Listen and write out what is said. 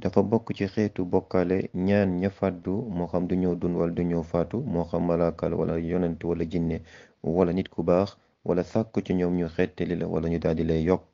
dafa bokk ci xeetu bokkaale ñaan ña fàddu moo xam du ñoo dund wala du ñoo faatu moo xam malaakal wala yonent wala jinne wala nit ku baax wala sàkk ci ñoom ñu xettali la wala ñu daal di lay yokk